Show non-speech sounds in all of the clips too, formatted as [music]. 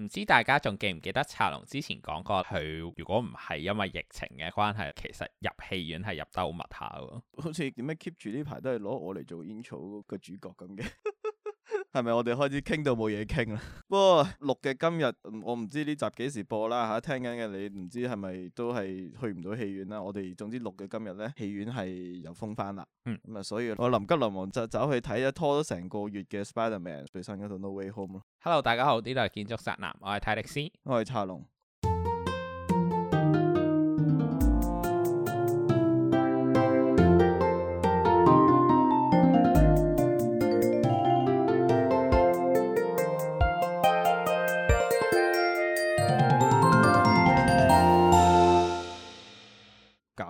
唔知大家仲記唔記得策龍之前講過，佢如果唔係因為疫情嘅關係，其實入戲院係入得好密下喎。好似點樣 keep 住呢排都係攞我嚟做煙草個主角咁嘅。係咪我哋開始傾到冇嘢傾啦？ [laughs] 不過錄嘅今日我唔知呢集幾時播啦吓、啊，聽緊嘅你唔知係咪都係去唔到戲院啦？我哋總之錄嘅今日咧，戲院係又封翻啦。嗯，咁啊、嗯，所以我臨急臨忙就走去睇咗拖咗成個月嘅 Spiderman 最新嗰套 No Way Home 咯。Hello，大家好，呢度係建築宅男，我係泰迪斯，我係查龍。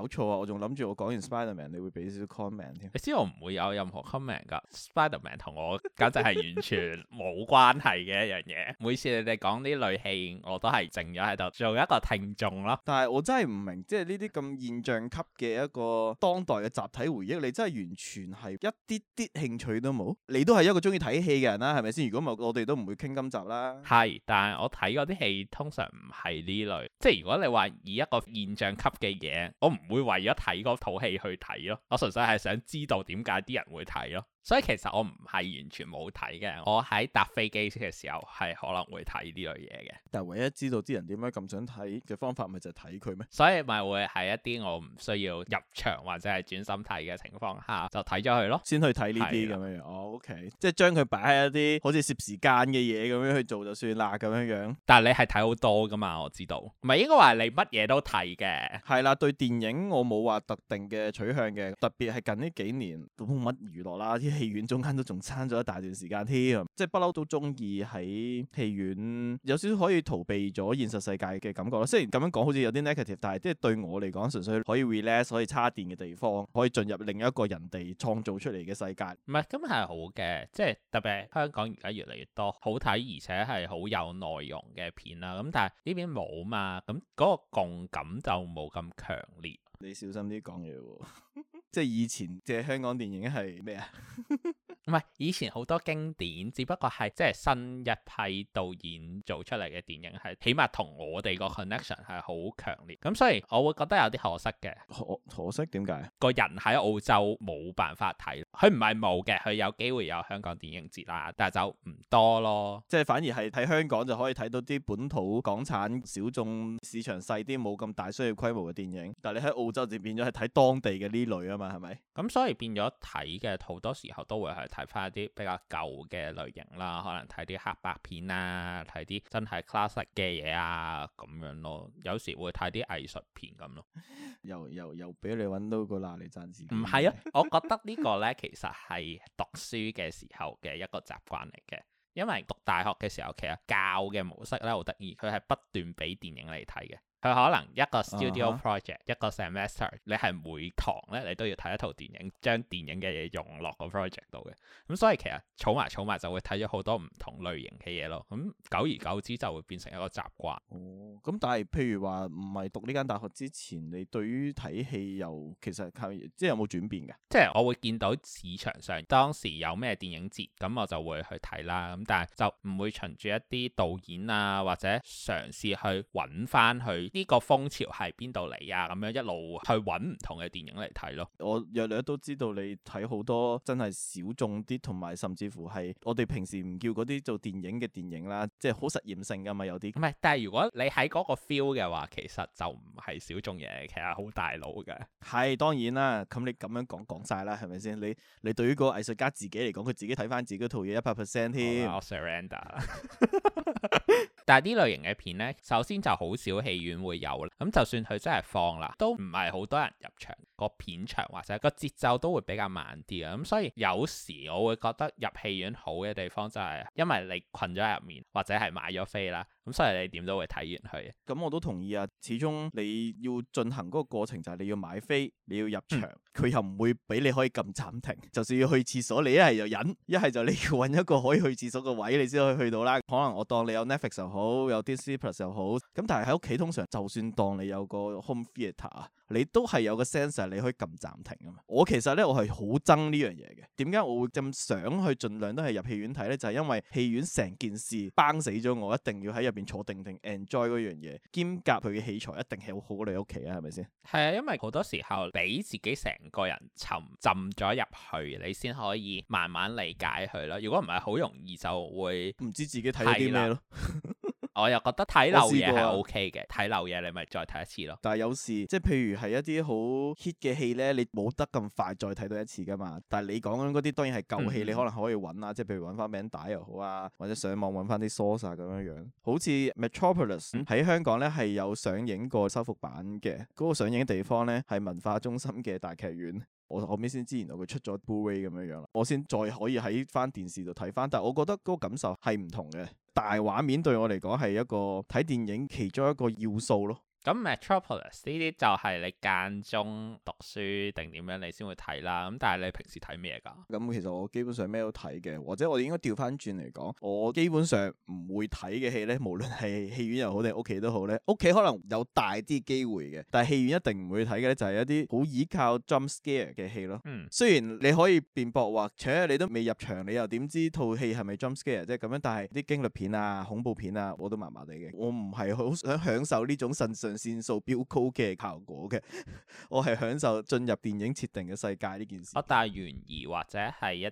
有錯啊！我仲諗住我講完 Spiderman 你會俾少少 comment 添。你知我唔會有任何 comment 㗎。Spiderman 同我簡直係完全冇 [laughs] 關係嘅一樣嘢。每次你哋講呢類戲，我都係靜咗喺度做一個聽眾咯。但係我真係唔明，即係呢啲咁現象級嘅一個當代嘅集體回憶，你真係完全係一啲啲興趣都冇。你都係一個中意睇戲嘅人啦，係咪先？如果唔係，我哋都唔會傾今集啦。係，但係我睇嗰啲戲通常唔係呢類。即係如果你話以一個現象級嘅嘢，我唔，會為咗睇嗰套戲去睇咯，我純粹係想知道點解啲人會睇咯。所以其實我唔係完全冇睇嘅，我喺搭飛機嘅時候係可能會睇呢類嘢嘅。但係唯一知道啲人點解咁想睇嘅方法，咪就係睇佢咩？所以咪會喺一啲我唔需要入場或者係轉心睇嘅情況下，就睇咗佢咯。先去睇呢啲咁樣樣。哦，OK，即係將佢擺喺一啲好似攝時間嘅嘢咁樣去做就算啦咁樣樣。但係你係睇好多㗎嘛？我知道，唔係應該話你乜嘢都睇嘅。係啦，對電影我冇話特定嘅取向嘅，特別係近呢幾年都冇乜娛樂啦。 [laughs] 戲院中間都仲差咗一大段時間添，即係不嬲都中意喺戲院有少少可以逃避咗現實世界嘅感覺咯。雖然咁樣講好似有啲 negative，但係即係對我嚟講純粹可以 relax，可以叉電嘅地方，可以進入另一個人哋創造出嚟嘅世界。唔係咁係好嘅，即係特別香港而家越嚟越多好睇而且係好有內容嘅片啦。咁但係呢邊冇嘛，咁嗰個共感就冇咁強烈。你小心啲講嘢喎！ [laughs] 即係以前即香港電影係咩啊？ [laughs] 唔係以前好多經典，只不過係即係新一批導演做出嚟嘅電影，係起碼同我哋個 connection 係好強烈，咁所以我會覺得有啲可惜嘅。可惜點解？個人喺澳洲冇辦法睇，佢唔係冇嘅，佢有機會有香港電影節啦，但係就唔多咯。即係反而係睇香港就可以睇到啲本土港產小眾市場細啲，冇咁大需要規模嘅電影。但係你喺澳洲就變咗係睇當地嘅呢類啊嘛，係咪？咁所以變咗睇嘅好多時候都會係。睇翻一啲比較舊嘅類型啦，可能睇啲黑白片啊，睇啲真係 classic 嘅嘢啊咁樣咯。有時會睇啲藝術片咁咯。又又又俾你揾到個嗱你讚字。唔係啊，我覺得呢個咧其實係讀書嘅時候嘅一個習慣嚟嘅，因為讀大學嘅時候其實教嘅模式咧好得意，佢係不斷俾電影嚟睇嘅。佢可能一個 studio project、uh huh. 一個 semester，你係每堂咧你都要睇一套電影，將電影嘅嘢用落個 project 度嘅，咁、嗯、所以其實儲埋儲埋就會睇咗好多唔同類型嘅嘢咯，咁、嗯、久而久之就會變成一個習慣。哦，咁但係譬如話唔係讀呢間大學之前，你對於睇戲又其實即係有冇轉變㗎？即係我會見到市場上當時有咩電影節，咁我就會去睇啦，咁但係就唔會循住一啲導演啊或者嘗試去搵返去。呢個風潮係邊度嚟啊？咁樣一路去揾唔同嘅電影嚟睇咯。我約略都知道你睇好多真係小眾啲，同埋甚至乎係我哋平時唔叫嗰啲做電影嘅電影啦，即係好實驗性噶嘛，有啲。唔係，但係如果你喺嗰個 feel 嘅話，其實就唔係小眾嘢。其實好大佬嘅。係，當然啦，咁你咁樣講講晒啦，係咪先？你你對於個藝術家自己嚟講，佢自己睇返自己套嘢一百 percent 添。哦 [laughs] [laughs] 但係呢類型嘅片咧，首先就好少戲院會有啦。咁就算佢真係放啦，都唔係好多人入場。個片長或者個節奏都會比較慢啲啊，咁所以有時我會覺得入戲院好嘅地方就係因為你困咗入面或者係買咗飛啦，咁所以你點都會睇完佢。咁我都同意啊，始終你要進行嗰個過程就係你要買飛，你要入場，佢、嗯、又唔會俾你可以咁暫停。就算要去廁所，你一係就忍，一係就你要揾一個可以去廁所嘅位，你先可以去到啦。可能我當你有 Netflix 又好，有 Disney Plus 又好，咁但係喺屋企通常就算當你有個 Home Theatre。你都係有個 sensor，你可以撳暫停啊嘛。我其實咧，我係好憎呢樣嘢嘅。點解我會咁想去盡量都係入戲院睇咧？就係因為戲院成件事崩死咗我，一定要喺入邊坐定定 enjoy 嗰樣嘢，兼夾佢嘅器材一定係好好過你屋企啊，係咪先？係啊，因為好多時候俾自己成個人沉浸咗入去，你先可以慢慢理解佢咯。如果唔係，好容易就會唔知自己睇啲咩咯。的 [laughs] 我又覺得睇漏嘢係 O K 嘅，睇漏嘢你咪再睇一次咯。但係有時即係譬如係一啲好 hit 嘅戲咧，你冇得咁快再睇到一次噶嘛。但係你講緊嗰啲當然係舊戲，嗯、你可能可以揾啊，即係譬如揾翻名帶又好啊，或者上網揾翻啲 source 啊咁樣樣。好似 Metropolis 喺香港咧係有上映過修復版嘅，嗰、嗰個上映地方咧係文化中心嘅大劇院。我後面先知原來佢出咗 Blu-ray 咁樣樣啦，我先再可以喺翻電視度睇翻。但係我覺得嗰個感受係唔同嘅。大畫面對我嚟講係一個睇電影其中一個要素咯。.咁 Metropolis 呢啲就係你間中讀書定點樣你先會睇啦，咁但係你平時睇咩噶？咁其實我基本上咩都睇嘅，或者我哋應該調翻轉嚟講，我基本上唔會睇嘅戲咧，無論係戲院又好定屋企都好咧，屋企可能有大啲機會嘅，但係戲院一定唔會睇嘅就係、是、一啲好依靠 jump scare 嘅戲咯。嗯，雖然你可以辯駁話，且你都未入場，你又點知套戲係咪 jump scare 即係咁樣？但係啲驚栗片啊、恐怖片啊，我都麻麻地嘅，我唔係好想享受呢種信息。線數飆高嘅效果嘅，我係享受進入電影設定嘅世界呢件事。哦，但係懸疑或者係一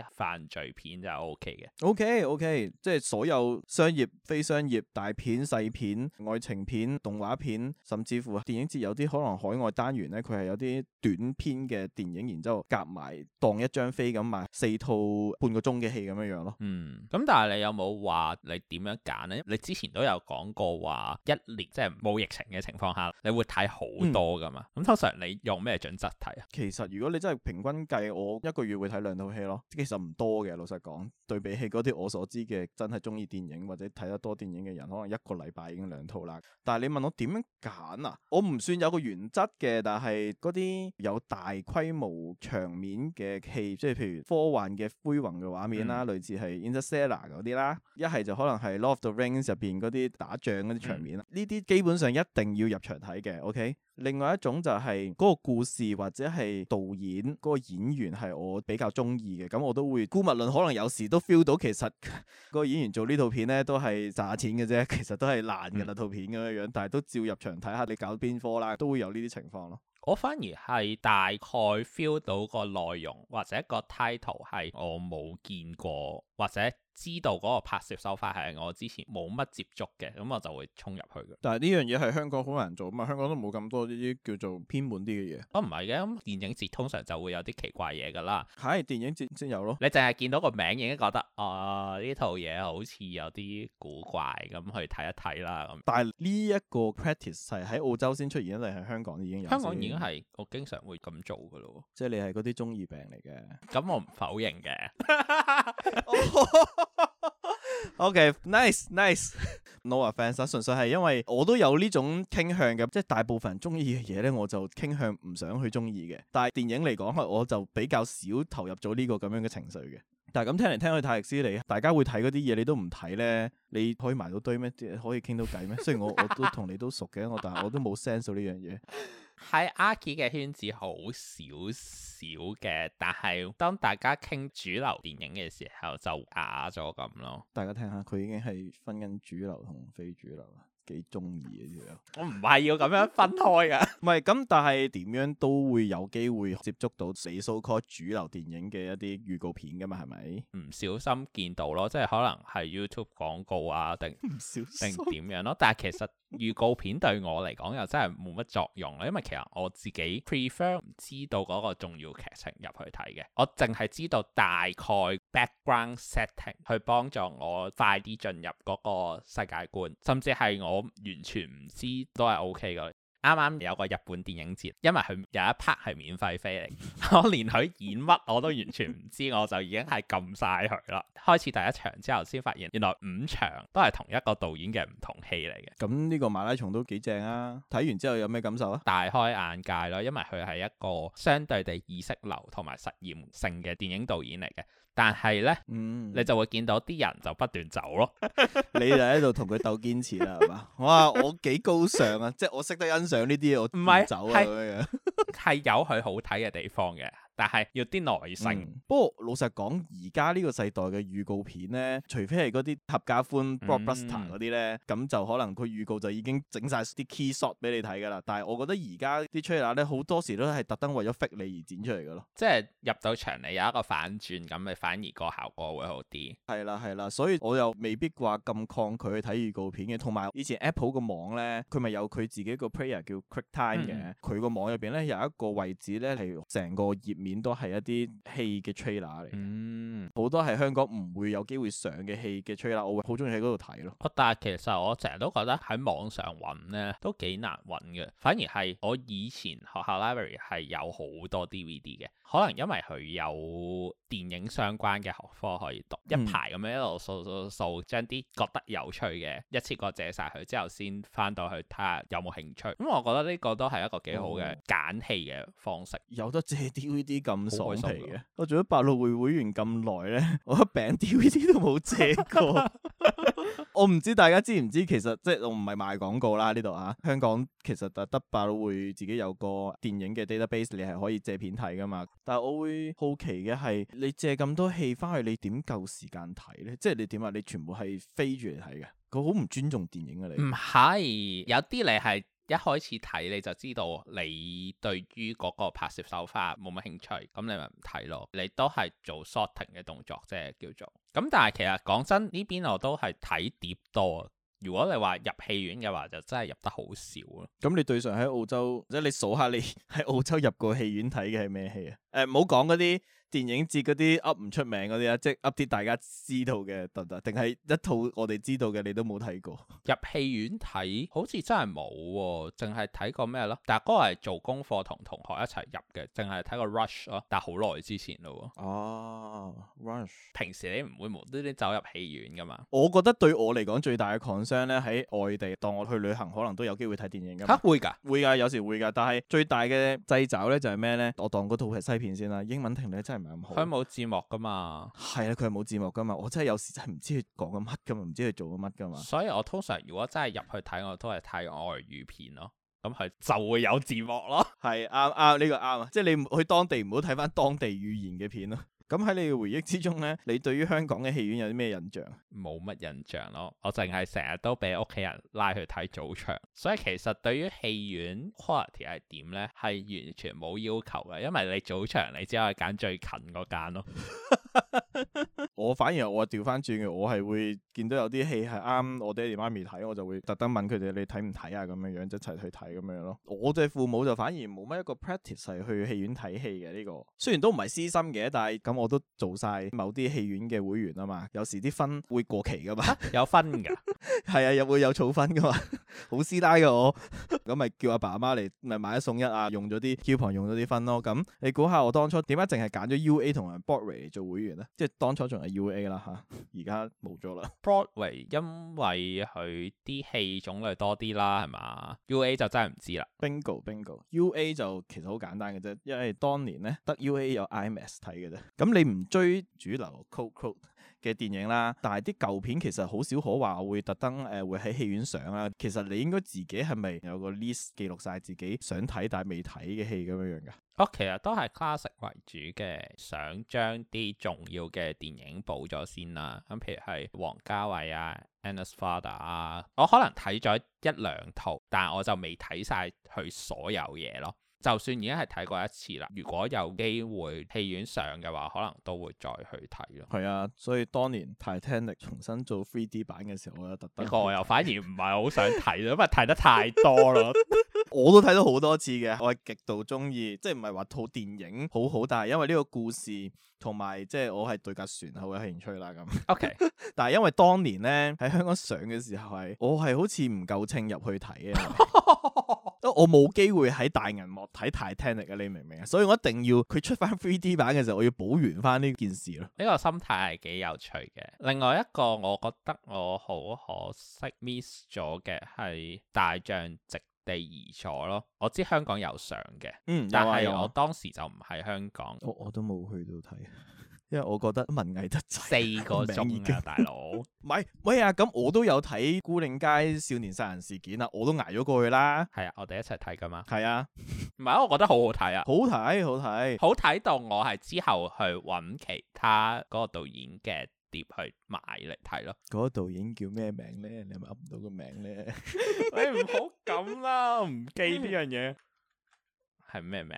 啲犯罪片就 O K 嘅。O K O K，即係所有商業、非商業大片、細片、愛情片、動畫片，甚至乎電影節有啲可能海外單元咧，佢係有啲短片嘅電影，然之後夾埋當一張飛咁賣四套半個鐘嘅戲咁樣樣咯。嗯，咁但係你有冇話你點樣揀咧？你之前都有講過話一年，即係冇亦。嘅情況下，你會睇好多噶嘛？咁、嗯、通常你用咩準則睇啊？其實如果你真係平均計，我一個月會睇兩套戲咯，其實唔多嘅。老實講，對比起嗰啲我所知嘅真係中意電影或者睇得多電影嘅人，可能一個禮拜已經兩套啦。但係你問我點樣揀啊？我唔算有個原則嘅，但係嗰啲有大規模場面嘅戲，即係譬如科幻嘅恢宏嘅畫面啦，嗯、類似係 Interstellar 嗰啲啦，一係就可能係 Lord of the Rings 入邊嗰啲打仗嗰啲場面啦。呢啲、嗯、基本上一定要入場睇嘅，OK。另外一種就係嗰個故事或者係導演嗰個演員係我比較中意嘅，咁我都會。姑勿論可能有時都 feel 到，其實嗰 [laughs] 個演員做呢套片咧都係賺下錢嘅啫，其實都係爛嘅套片咁樣樣，嗯、但係都照入場睇下你搞邊科啦，都會有呢啲情況咯。我反而係大概 feel 到個內容或者個 title 係我冇見過，或者，知道嗰個拍攝手法係我之前冇乜接觸嘅，咁我就會衝入去嘅。但係呢樣嘢係香港好難做啊嘛，香港都冇咁多呢啲叫做偏門啲嘅嘢。哦、啊，唔係嘅，咁、嗯、電影節通常就會有啲奇怪嘢㗎啦。係電影節先有咯，你淨係見到個名已經覺得哦，呢套嘢好似有啲古怪咁、嗯，去睇一睇啦咁。嗯、但係呢一個 practice 係喺澳洲先出現，定係香港已經有？香港已經係我經常會咁做嘅咯。即係你係嗰啲中二病嚟嘅。咁、嗯、我唔否認嘅。O.K. Nice, nice. No offense 啊，純粹係因為我都有呢種傾向嘅，即係大部分人中意嘅嘢咧，我就傾向唔想去中意嘅。但係電影嚟講，我就比較少投入咗呢個咁樣嘅情緒嘅。但係咁聽嚟聽去泰迪斯嚟，大家會睇嗰啲嘢，你都唔睇咧，你可以埋到堆咩？可以傾到偈咩？ [laughs] 雖然我我都同你都熟嘅，我但係我都冇 sense 呢樣嘢。喺阿杰嘅圈子好少少嘅，但係當大家傾主流電影嘅時候就假咗咁咯。大家聽下，佢已經係分緊主流同非主流，幾中意嘅。啲 [laughs] 我唔係要咁樣分開噶，唔係咁，但係點樣都會有機會接觸到死蘇 c a l 主流電影嘅一啲預告片噶嘛，係咪？唔小心見到咯，即係可能係 YouTube 廣告啊，定唔小心點樣咯？但係其實。預告片對我嚟講又真係冇乜作用啦，因為其實我自己 prefer 唔知道嗰個重要劇情入去睇嘅，我淨係知道大概 background setting 去幫助我快啲進入嗰個世界觀，甚至係我完全唔知都係 OK 嘅。啱啱有個日本電影節，因為佢有一 part 係免費飛嚟，我 [laughs] [laughs] 連佢演乜我都完全唔知，我就已經係撳晒佢啦。開始第一場之後，先發現原來五場都係同一個導演嘅唔同戲嚟嘅。咁呢個馬拉松都幾正啊！睇完之後有咩感受啊？大開眼界咯，因為佢係一個相對地意識流同埋實驗性嘅電影導演嚟嘅。但係咧，嗯、你就會見到啲人就不斷走咯， [laughs] 你就喺度同佢鬥堅持啦，係嘛？ [laughs] 哇，我幾高尚啊！ [laughs] 即係我識得欣賞呢啲嘢，我唔係走啊咁是樣是，係 [laughs] 有佢好睇嘅地方嘅。但係要啲耐性、嗯。不過老實講，而家呢個世代嘅預告片咧，除非係嗰啲合家歡 blockbuster 嗰啲咧，咁、嗯、就可能佢預告就已經整晒啲 key shot 俾你睇㗎啦。但係我覺得而家啲 trailer 咧，好多時都係特登為咗 fit 你而剪出嚟㗎咯。即係入到場你有一個反轉，咁咪反而個效果會好啲。係啦係啦，所以我又未必話咁抗拒去睇預告片嘅。同埋以前 Apple 個網咧，佢咪有佢自己個 player 叫 QuickTime 嘅，佢個、嗯、網入邊咧有一個位置咧係成個頁面。都係一啲戲嘅 trailer 嚟，嗯，好多係香港唔會有機會上嘅戲嘅 trailer，我好中意喺嗰度睇咯。但係其實我成日都覺得喺網上揾呢都幾難揾嘅，反而係我以前學校 library 係有好多 DVD 嘅，可能因為佢有電影相關嘅學科可以讀，嗯、一排咁樣一路掃，掃掃掃，將啲覺得有趣嘅一次過借晒佢之後，先翻到去睇下有冇興趣。咁、嗯、我覺得呢個都係一個幾好嘅揀戲嘅方式、嗯，有得借 DVD。咁爽皮嘅，我做咗百老匯會員咁耐咧， [laughs] 我一柄 DVD 都冇借過。 [laughs] [laughs] 我唔知大家知唔知，其實即係我唔係賣廣告啦呢度啊。香港其實就得百老匯自己有個電影嘅 database，你係可以借片睇噶嘛。但係我會好奇嘅係，你借咁多戲翻去，你點夠時間睇咧？即係你點啊？你全部係飛住嚟睇嘅，佢好唔尊重電影嘅你唔係，有啲嚟係。一開始睇你就知道你對於嗰個拍攝手法冇乜興趣，咁你咪唔睇咯。你都係做 sorting 嘅動作啫，叫做。咁但係其實講真，呢邊我都係睇碟多。如果你話入戲院嘅話，就真係入得好少咯。咁你對上喺澳洲，即係你數下你喺澳洲入過戲院睇嘅係咩戲啊？誒、呃，冇講嗰啲。電影節嗰啲 up 唔出名嗰啲啊，即係 up 啲大家知道嘅得唔得？定係一套我哋知道嘅你都冇睇過？入戲院睇好似真係冇、哦，淨係睇過咩咯？但係嗰個係做功課同同學一齊入嘅，淨係睇過 Rush 咯。但係好耐之前咯。哦、啊、Rush。平時你唔會無端端走入戲院㗎嘛？我覺得對我嚟講最大嘅 concern 咧，喺外地當我去旅行，可能都有機會睇電影㗎。嚇的，會㗎，會㗎，有時會㗎。但係最大嘅掣肘咧就係咩咧？我當嗰套係西片先啦，英文聽咧真係～佢冇字幕噶嘛？係啊，佢係冇字幕噶嘛？我真係有時真係唔知佢講緊乜噶嘛，唔知佢做緊乜噶嘛。所以我通常如果真係入去睇，我都係睇外語片咯。咁係就會有字幕咯。係啱啱呢個啱啊！即係你去當地唔好睇翻當地語言嘅片咯。咁喺你嘅回憶之中呢，你對於香港嘅戲院有啲咩印象？冇乜印象咯，我淨係成日都俾屋企人拉去睇早場，所以其實對於戲院 quality 係點呢？係完全冇要求嘅，因為你早場你只可以揀最近嗰間咯。 [laughs] [laughs] 我反而我調翻轉嘅，我係會見到有啲戲係啱我爹哋媽咪睇，我就會特登問佢哋你睇唔睇啊？咁樣樣一齊去睇咁樣咯。我對父母就反而冇乜一個 practice 係去戲院睇戲嘅呢個，雖然都唔係私心嘅，但係咁我都做晒某啲戲院嘅會員啊嘛。有時啲分會過期噶嘛， [laughs] [laughs] 有分噶的，係 [laughs] [laughs] 啊，又會有儲分噶嘛， [laughs] 好師奶噶我，咁咪叫阿爸阿媽嚟咪買一送一啊，用咗啲 coupon，用咗啲分咯。咁你估下我當初點解淨係揀咗 UA 同埋 Bory 做會員？演員咧，即係當初仲係 U A 啦吓，而家冇咗啦。Broadway [laughs] 因為佢啲戲種類多啲啦，係嘛？U A 就真係唔知啦。Bingo，Bingo，U A 就其實好簡單嘅啫，因為當年咧得 U A 有 IMAX 睇嘅啫。咁你唔追主流，quote quote 嘅電影啦，但係啲舊片其實好少可話、呃，會特登誒會喺戲院上啊。其實你應該自己係咪有個 list 記錄晒自己想睇但係未睇嘅戲咁樣樣噶？哦、okay，啊，其實都係 classic 為主嘅，想將啲重要嘅電影補咗先啦。咁譬如係王家衛啊、啊、Anna’s Father 啊，我可能睇咗一兩套，但係我就未睇晒佢所有嘢咯。就算而家係睇過一次啦，如果有機會戲院上嘅話，可能都會再去睇咯。係啊，所以當年 Titanic 重新做 3D 版嘅時候，我特登去，不過我又反而唔係好想睇 [laughs] 因為睇得太多啦。 [laughs] 我都睇咗好多次嘅，我係極度中意，即係唔係話套電影好好，但係因為呢個故事同埋即係我係對架船好有興趣啦咁。O Okay . K， [laughs] 但係因為當年咧喺香港上嘅時候係，我係好似唔夠秤入去睇，嘅 [laughs] 都我冇機會喺大銀幕睇 Titanic 嘅，啊，你明唔明啊？所以我一定要佢出翻3 D 版嘅時候，我要補完翻呢件事咯。呢個心態係幾有趣嘅。另外一個我覺得我好可惜 miss 咗嘅係大將直。地而坐咯，我知香港有上嘅，嗯，但係我當時就唔喺香港，我我都冇去到睇，因為我覺得文藝得四個鐘啊， [laughs] 大佬，唔係唔係啊，咁我都有睇《牯嶺街少年殺人事件》啊，我都捱咗過去啦，係啊，我哋一齊睇噶嘛，係是啊，唔係，我覺得好好睇啊，好睇好睇好睇到我係之後去揾其他嗰個導演嘅。碟去買嚟睇咯，嗰導演叫咩名咧？你係咪噏唔到個名咧？你唔好咁啦，唔記呢樣嘢係咩名？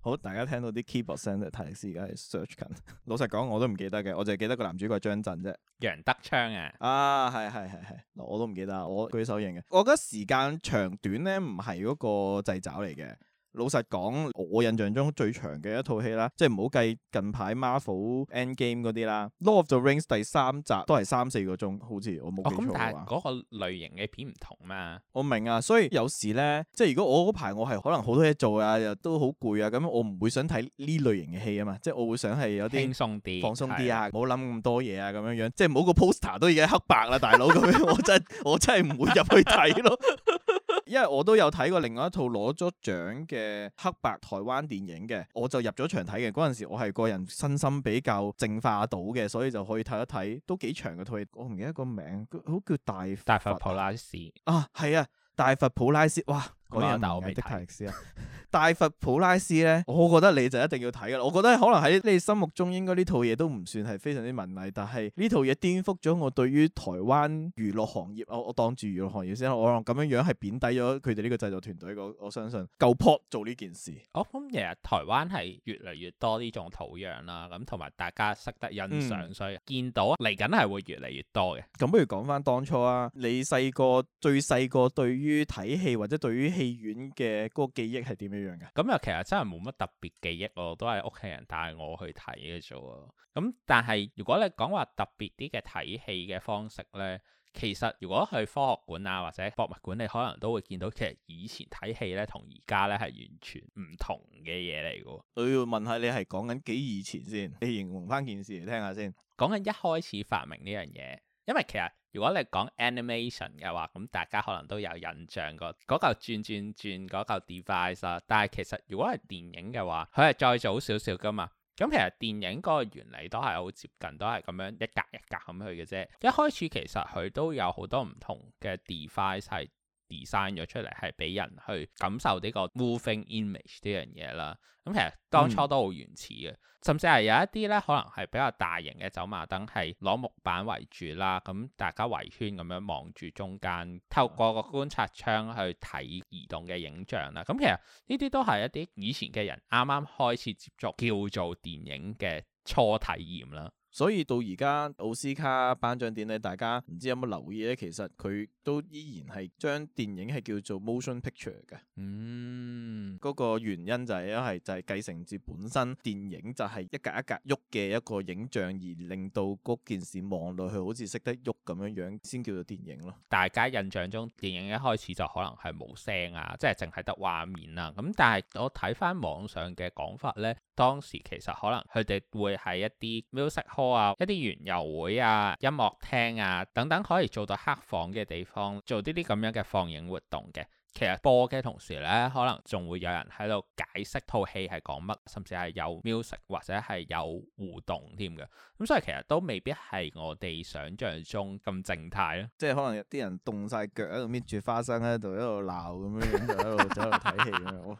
好，大家聽到啲 keyboard 聲就提示而家係 search 緊。 [laughs] 老實講，我都唔記得嘅，我就係記得個男主角張震啫。楊德昌啊？啊，係係係係，我都唔記得，我舉手認嘅。我覺得時間長短咧，唔係嗰個掣爪嚟嘅。老實講，我印象中最長嘅一套戲啦，即係唔好計近排 Marvel Endgame 嗰啲啦，《Lord of the Rings》第三集都係三四個鐘，好似我冇記錯啊。哦，但係嗰個類型嘅片唔同嘛。我明啊，所以有時咧，即係如果我嗰排我係可能好多嘢做啊，又都好攰啊，咁我唔會想睇呢類型嘅戲啊嘛，即係我會想係有啲輕鬆啲、放鬆啲啊，冇諗咁多嘢啊，咁樣樣，即係冇個 poster 都已經黑白啦， [laughs] 大佬，咁樣我真我真係唔會入去睇咯。 [laughs] 因為我都有睇過另外一套攞咗獎嘅黑白台灣電影嘅，我就入咗場睇嘅。嗰陣時我係個人身心比較淨化到嘅，所以就可以睇一睇，都幾長嘅套。我唔記得個名，好叫大佛，啊，大佛普拉斯啊，係啊，大佛普拉斯，哇！港人睇的泰勒斯啊，嗯、 [laughs] 大佛普拉斯咧，我覺得你就一定要睇噶喇。我覺得可能喺你心目中應該呢套嘢都唔算係非常之文藝，但係呢套嘢顛覆咗我對於台灣娛樂行業，我我當住娛樂行業先，我諗咁樣樣係貶低咗佢哋呢個製作團隊。我相信夠 pot 做呢件事。我覺得其實台灣係越嚟越多呢種土壤啦、啊，咁同埋大家識得欣賞，所以見到嚟緊係會越嚟越多嘅。咁不如講翻當初啊，你細個最細個對於睇戲或者對於戲院嘅個記憶係點樣嘅？咁又其實真係冇乜特別記憶咯，都係屋企人帶我去睇嘅啫。咁但係如果你講話特別啲嘅睇戲嘅方式咧，其實如果去科學館啊或者博物館，你可能都會見到其實以前睇戲咧同而家咧係完全唔同嘅嘢嚟嘅。我要問下你係講緊幾以前先？你形容翻件事嚟聽下先，講緊一開始發明呢樣嘢。因為其實如果你講 animation 嘅話，咁大家可能都有印象過、嗰個嗰嚿轉轉轉嗰嚿 device 啦。但係其實如果係電影嘅話，佢係再早少少㗎嘛。咁其實電影嗰個原理都係好接近，都係咁樣一格一格咁去嘅啫。一開始其實佢都有好多唔同嘅 device 係，design 咗出嚟係俾人去感受呢個 moving image 呢樣嘢啦。咁其實當初都好原始嘅，嗯、甚至係有一啲咧，可能係比較大型嘅走馬燈，係攞木板圍住啦。咁大家圍圈咁樣望住中間，透過個觀察窗去睇移動嘅影像啦。咁其實呢啲都係一啲以前嘅人啱啱開始接觸叫做電影嘅初體驗啦。所以到而家奧斯卡頒獎典禮大家唔知有冇留意咧？其實佢都依然係將電影係叫做 motion picture 嘅。嗯，個原因就係因為就係、是、繼承自本身電影就係一格一格喐嘅一個影像，而令到件事望落去好似識得喐咁樣樣先叫做電影咯。大家印象中電影一開始就可能係冇聲啊，即係淨係得畫面啊，咁但係我睇翻網上嘅講法咧，當時其實可能佢哋會係一啲 music 啊！一啲園遊會啊、音樂廳啊等等，可以做到黑房嘅地方，做呢啲咁樣嘅放映活動嘅。其實播嘅同時咧，可能仲會有人喺度解釋套戲係講乜，甚至係有 music 或者係有互動添嘅。咁所以其實都未必係我哋想象中咁靜態咯。即係可能有啲人凍晒腳喺度搣住花生喺度，一路鬧咁樣樣，就一路走嚟睇戲咁樣。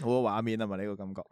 好嘅畫面啊嘛，呢 [laughs] 個感覺。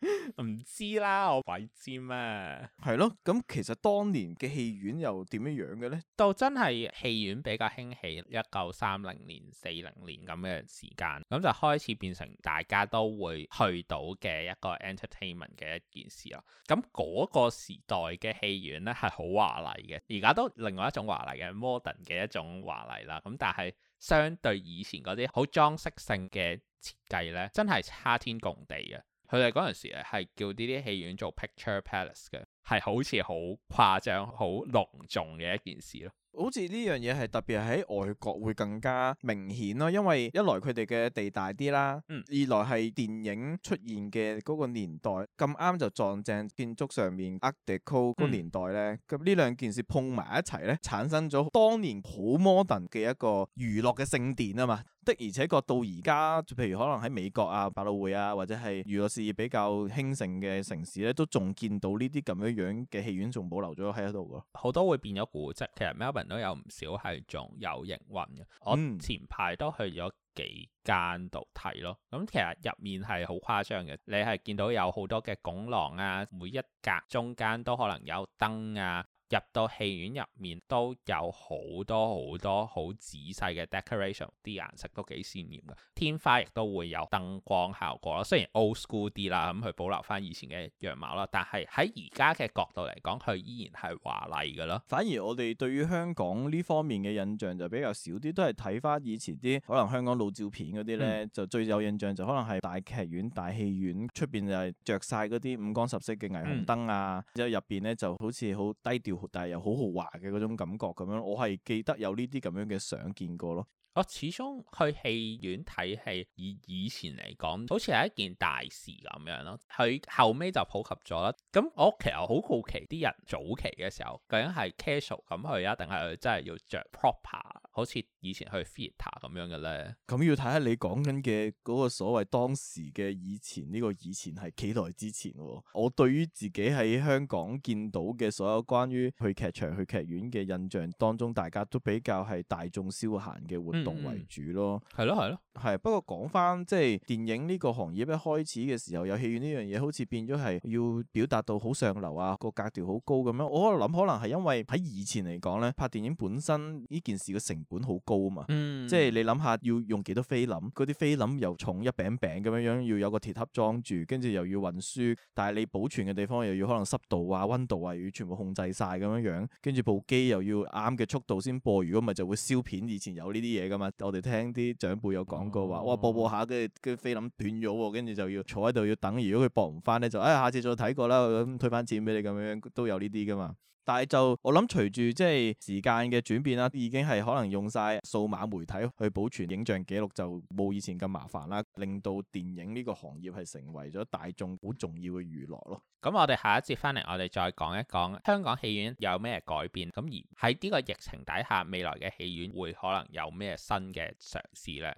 唔知啦，我鬼知咩？係咯，咁其實當年嘅戲院又點樣樣嘅咧？到真係戲院比較興起一九三零年、四零年咁嘅時間咁就開始變成大家都會去到嘅一個 entertainment 嘅一件事咯。咁嗰個時代嘅戲院呢，係好華麗嘅，而家都另外一種華麗嘅 modern 嘅一種華麗啦。咁但係相對以前嗰啲好裝飾性嘅設計呢，真係差天共地嘅。佢哋嗰陣時係叫呢啲戲院做 picture palace 嘅，係好似好誇張、好隆重嘅一件事咯。好似呢樣嘢係特別喺外國會更加明顯咯，因為一來佢哋嘅地大啲啦，二來係電影出現嘅嗰個年代咁啱就撞正建築上面阿迪哥嗰年代咧，咁呢兩件事碰埋一齊咧，產生咗當年普摩 o 嘅一個娛樂嘅盛殿啊嘛。的而且確到而家，譬如可能喺美國啊、百老匯啊，或者係娛樂事業比較興盛嘅城市咧，都仲見到呢啲咁樣樣嘅戲院，仲保留咗喺度㗎。好多會變咗古跡，其實 Melbourne 都有唔少係仲有營運嘅。我前排都去咗幾間度睇咯，咁、嗯、其實入面係好誇張嘅，你係見到有好多嘅拱廊啊，每一格中間都可能有燈啊。入到戲院入面都有好多好多好仔細嘅 decoration，啲顏色都幾鮮豔嘅。天花亦都會有燈光效果咯。雖然 old school 啲啦，咁佢保留翻以前嘅樣貌啦，但係喺而家嘅角度嚟講，佢依然係華麗嘅咯。反而我哋對於香港呢方面嘅印象就比較少啲，都係睇翻以前啲可能香港老照片嗰啲咧，嗯、就最有印象就可能係大劇院、大戲院出邊就係着晒嗰啲五光十色嘅霓虹燈啊，嗯、之後入邊咧就好似好低調。但係又好豪華嘅嗰種感覺咁樣，我係記得有呢啲咁樣嘅相見過咯。我始終去戲院睇戲以以前嚟講，好似係一件大事咁樣咯。佢後尾就普及咗啦。咁我，我其實好好奇啲人早期嘅時候究竟係 casual 咁去啊，定係真係要着 proper？好似以前去 theatre 咁樣嘅咧，咁要睇下你講緊嘅嗰個所謂當時嘅以前，呢個以前係幾耐之前？我對於自己喺香港見到嘅所有關於去劇場、去劇院嘅印象當中，大家都比較係大眾消閒嘅活動為主咯，係咯，係咯。係，不過講返即係電影呢個行業一開始嘅時候，有戲院呢樣嘢，好似變咗係要表達到好上流啊，個格調好高咁樣。我諗可能係因為喺以前嚟講咧，拍電影本身呢件事嘅成本好高啊嘛。嗯、即係你諗下要用幾多菲林，嗰啲菲林又重一餅餅咁樣樣，要有個鐵盒裝住，跟住又要運輸，但係你保存嘅地方又要可能濕度啊、溫度啊要全部控制晒咁樣樣，跟住部機又要啱嘅速度先播，如果唔係就會燒片。以前有呢啲嘢㗎嘛，我哋聽啲長輩有講。廣告話：哇、哦，播播下，跟住跟菲林斷咗，跟住就要坐喺度要等。如果佢搏唔翻咧，就啊、哎，下次再睇過啦，咁退翻錢俾你咁樣都有呢啲噶嘛。但係就我諗，隨住即係時間嘅轉變啦，已經係可能用晒數碼媒體去保存影像記錄，就冇以前咁麻煩啦。令到電影呢個行業係成為咗大眾好重要嘅娛樂咯。咁我哋下一節翻嚟，我哋再講一講香港戲院有咩改變。咁而喺呢個疫情底下，未來嘅戲院會可能有咩新嘅嘗試咧？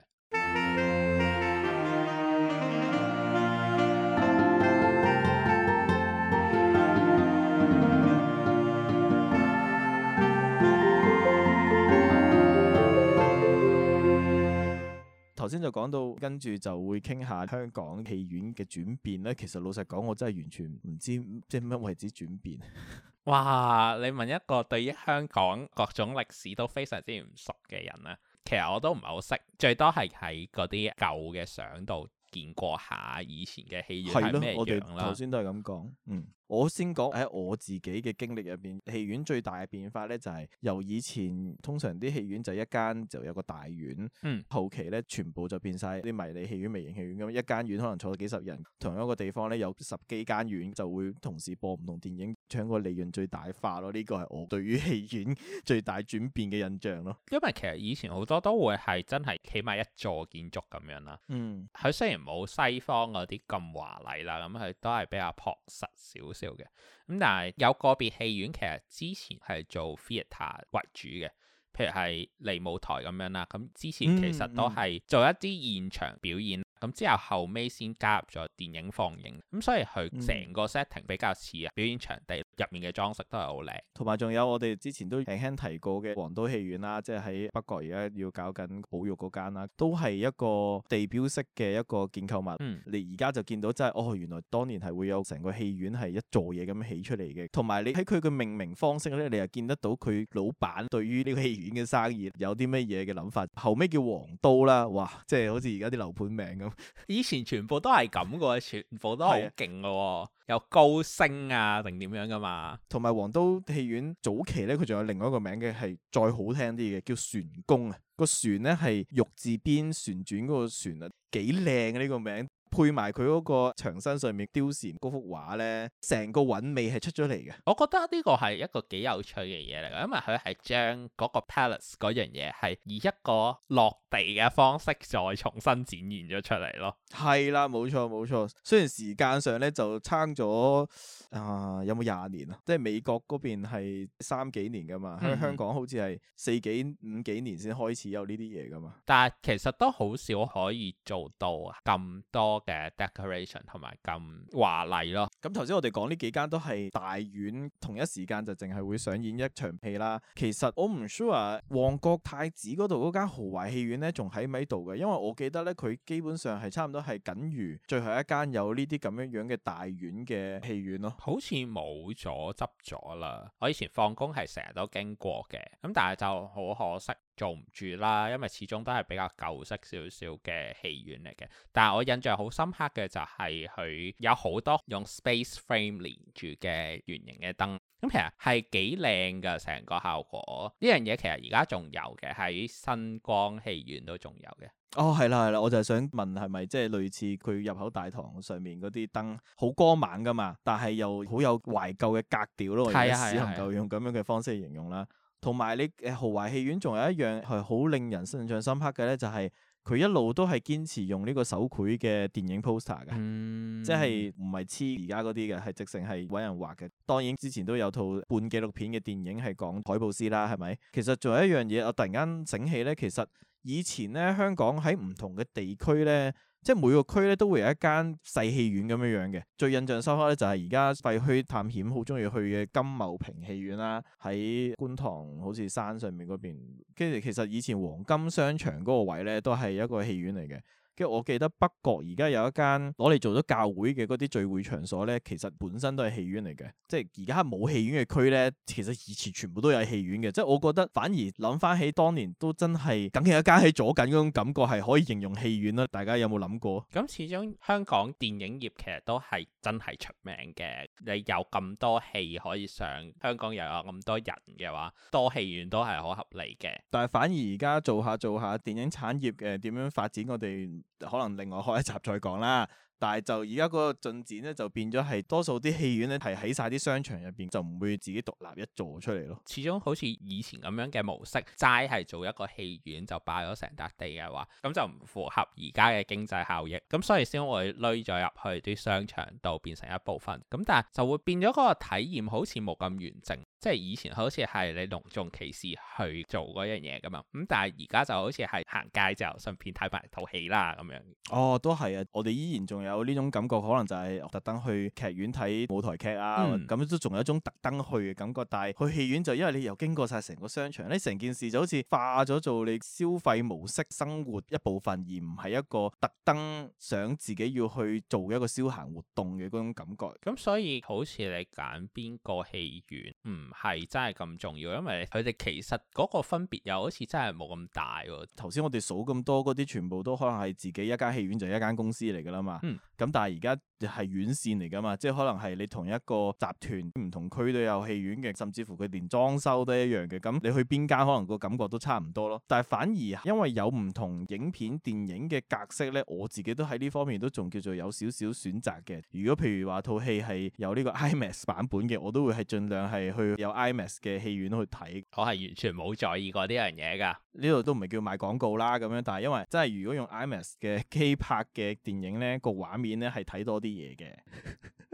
頭先就講到，跟住就會傾下香港戲院嘅轉變咧。其實老實講，我真係完全唔知即係乜位置轉變。 [laughs] 哇！你問一個對於香港各種歷史都非常之唔熟嘅人啊！其實，我都唔係好識，最多係喺嗰啲舊嘅相度，見過下以前嘅戲院係咩樣啦？我哋頭先都係咁講。嗯，我先講喺我自己嘅經歷入邊，戲院最大嘅變化咧，就係由以前通常啲戲院就一間就有個大院。嗯，後期咧，全部就變晒啲迷你戲院、微型戲院咁，一間院可能坐咗幾十人，同一個地方咧，有十幾間院就會同時播唔同電影，搶個利潤最大化咯。呢個係我對於戲院最大轉變嘅印象咯。因為其實以前好多都會係真係起埋一座建築咁樣啦。嗯，佢雖冇西方嗰啲咁華麗啦，咁、嗯、佢都係比較樸實少少嘅。咁、嗯、但係有個別戲院其實之前係做 theatre 為主嘅，譬如係離舞台咁樣啦，咁之前其實都係做一啲現場表演。嗯嗯咁之後後尾先加入咗電影放映，咁所以佢成個 setting 比較似啊表演場地，入面嘅裝飾都係好靚，同埋仲有我哋之前都輕輕提過嘅黃都戲院啦，即係喺北角而家要搞緊保育嗰間啦，都係一個地標式嘅一個建築物。嗯，你而家就見到真係哦，原來當年係會有成個戲院係一座嘢咁起出嚟嘅，同埋你喺佢嘅命名方式咧，你又見得到佢老闆對於呢個戲院嘅生意有啲咩嘢嘅諗法，後尾叫黃都啦，哇，即係好似而家啲樓盤名咁。以前全部都係咁嘅，全部都好勁嘅，又的高升啊，定點樣噶嘛？同埋黃都戲院早期咧，佢仲有另外一個名嘅，係再好聽啲嘅，叫璇宮啊。個璇咧係玉字邊旋轉嗰個旋啊，幾靚嘅呢個名。配埋佢嗰個牆身上面雕線嗰幅畫咧，成個韻味係出咗嚟嘅。我覺得呢個係一個幾有趣嘅嘢嚟，因為佢係將嗰個 palace 嗰樣嘢係以一個落地嘅方式再重新展現咗出嚟咯。係啦、啊，冇錯冇錯，雖然時間上咧就撐咗啊，有冇廿年啊？即係美國嗰邊係三幾年噶嘛，喺、嗯、香港好似係四幾五幾年先開始有呢啲嘢噶嘛。但係其實都好少可以做到啊咁多。decoration 同埋咁華麗咯，咁頭先我哋講呢幾間都係大院，同一時間就淨係會上演一場戲啦。其實我唔 sure 旺角太子嗰度嗰間豪華戲院咧仲喺唔喺度嘅，因為我記得咧佢基本上係差唔多係僅餘最後一間有呢啲咁樣樣嘅大院嘅戲院咯，好似冇咗執咗啦。我以前放工係成日都經過嘅，咁但係就好可惜。做唔住啦，因為始終都係比較舊式少少嘅戲院嚟嘅。但係我印象好深刻嘅就係佢有好多用 space frame 連住嘅圓形嘅燈，咁其實係幾靚㗎，成個效果。呢樣嘢其實而家仲有嘅，喺新光戲院都仲有嘅。哦，係啦，係啦，我就係想問係咪即係類似佢入口大堂上面嗰啲燈，好光猛噶嘛？但係又好有懷舊嘅格調咯，我只係能夠用咁樣嘅方式嚟形容啦。同埋你誒，豪華戲院仲有一樣係好令人印象深刻嘅咧，就係、是、佢一路都係堅持用呢個手繪嘅電影 poster 嘅，嗯、即係唔係黐而家嗰啲嘅，係直成係揾人畫嘅。當然之前都有套半紀錄片嘅電影係講海布斯啦，係咪？其實仲有一樣嘢，我突然間醒起咧，其實以前咧香港喺唔同嘅地區咧。即係每個區咧都會有一間細戲院咁樣樣嘅，最印象深刻咧就係而家廢墟探險好中意去嘅金茂坪戲院啦、啊，喺觀塘好似山上面嗰邊，跟住其實以前黃金商場嗰個位咧都係一個戲院嚟嘅。跟住我記得北角而家有一間攞嚟做咗教會嘅嗰啲聚會場所咧，其實本身都係戲院嚟嘅。即係而家冇戲院嘅區咧，其實以前全部都有戲院嘅。即係我覺得反而諗翻起當年都真係梗係有一間喺左近嗰種感覺係可以形容戲院啦。大家有冇諗過？咁始終香港電影業其實都係真係出名嘅。你有咁多戲可以上，香港又有咁多人嘅話，多戲院都係好合理嘅。但係反而而家做下做下電影產業嘅點、呃、樣發展，我哋。可能另外開一集再講啦。但係就而家嗰個進展咧，就變咗係多數啲戲院咧係喺晒啲商場入邊，就唔會自己獨立一座出嚟咯。始終好似以前咁樣嘅模式，齋係做一個戲院就霸咗成笪地嘅話，咁就唔符合而家嘅經濟效益，咁所以先會攏咗入去啲商場度變成一部分。咁但係就會變咗嗰個體驗好似冇咁完整，即係以前好似係你隆重其事去做嗰樣嘢噶嘛。咁但係而家就好似係行街就順便睇埋套戲啦咁樣。哦，都係啊，我哋依然仲。有呢種感覺，可能就係特登去劇院睇舞台劇啊，咁、嗯、都仲有一種特登去嘅感覺。但係去戲院就，因為你又經過晒成個商場，你成件事就好似化咗做你消費模式生活一部分，而唔係一個特登想自己要去做一個消閒活動嘅嗰種感覺。咁、嗯、所以好似你揀邊個戲院，唔係真係咁重要，因為佢哋其實嗰個分別又好似真係冇咁大。頭先我哋數咁多嗰啲，全部都可能係自己一間戲院就一間公司嚟噶啦嘛。嗯咁、嗯、但係而家係院線嚟噶嘛即係可能係你同一個集團唔同區都有戲院嘅，甚至乎佢連裝修都一樣嘅。咁你去邊間可能個感覺都差唔多咯。但係反而因為有唔同影片電影嘅格式咧，我自己都喺呢方面都仲叫做有少少選擇嘅。如果譬如話套戲係有呢個 IMAX 版本嘅，我都會係盡量係去有 IMAX 嘅戲院去睇。我係完全冇在意過呢樣嘢噶，呢度都唔係叫賣廣告啦咁樣。但係因為真係如果用 IMAX 嘅機拍嘅電影咧畫面咧係睇多啲嘢嘅。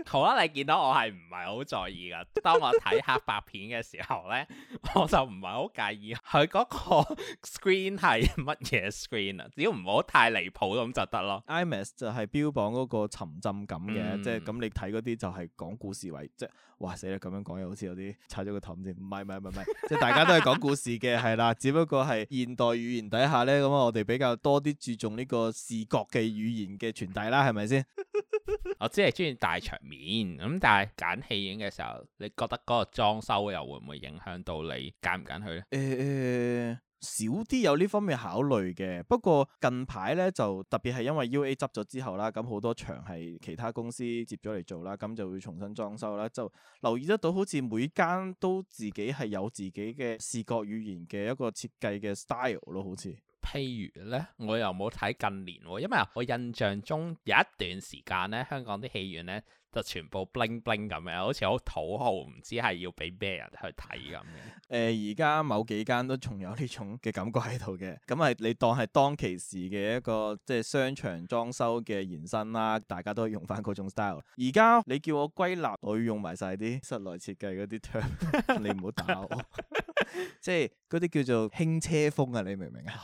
好啦，你見到我係唔係好在意噶？當我睇黑白片嘅時候咧， [laughs] 我就唔係好介意佢嗰個 screen 係乜嘢 screen 啊，只要唔好太離譜咁就得咯。IMAX 就係標榜嗰個沉浸感嘅，嗯、即係咁你睇嗰啲就係講故事為即係，哇死啦咁樣講嘢，好似有啲踩咗個氹先，唔係唔係唔係， [laughs] 即係大家都係講故事嘅，係 [laughs] 啦，只不過係現代語言底下咧，咁我哋比較多啲注重呢個視覺嘅語言嘅傳遞啦，係咪先？ [laughs] [laughs] 我只係中意大場面咁，但係揀戲影嘅時候，你覺得嗰個裝修又會唔會影響到你揀唔揀去咧？誒、欸欸，少啲有呢方面考慮嘅，不過近排呢，就特別係因為 UA 執咗之後啦，咁好多場係其他公司接咗嚟做啦，咁就會重新裝修啦，就留意得到好似每間都自己係有自己嘅視覺語言嘅一個設計嘅 style 咯，好似。譬如咧，我又冇睇近年，因為我印象中有一段時間咧，香港啲戲院咧就全部 bling bling 咁樣，好似好土豪，唔知係要俾咩人去睇咁嘅。而家、 [laughs] 呃、某幾間都仲有呢種嘅感覺喺度嘅，咁係你當係當其時嘅一個即係商場裝修嘅延伸啦，大家都用翻嗰種 style。而家你叫我歸納，我要用埋晒啲室內設計嗰啲 term [laughs] 你唔好打我。 [laughs] [laughs] 即係嗰啲叫做輕奢風啊，你明唔明啊？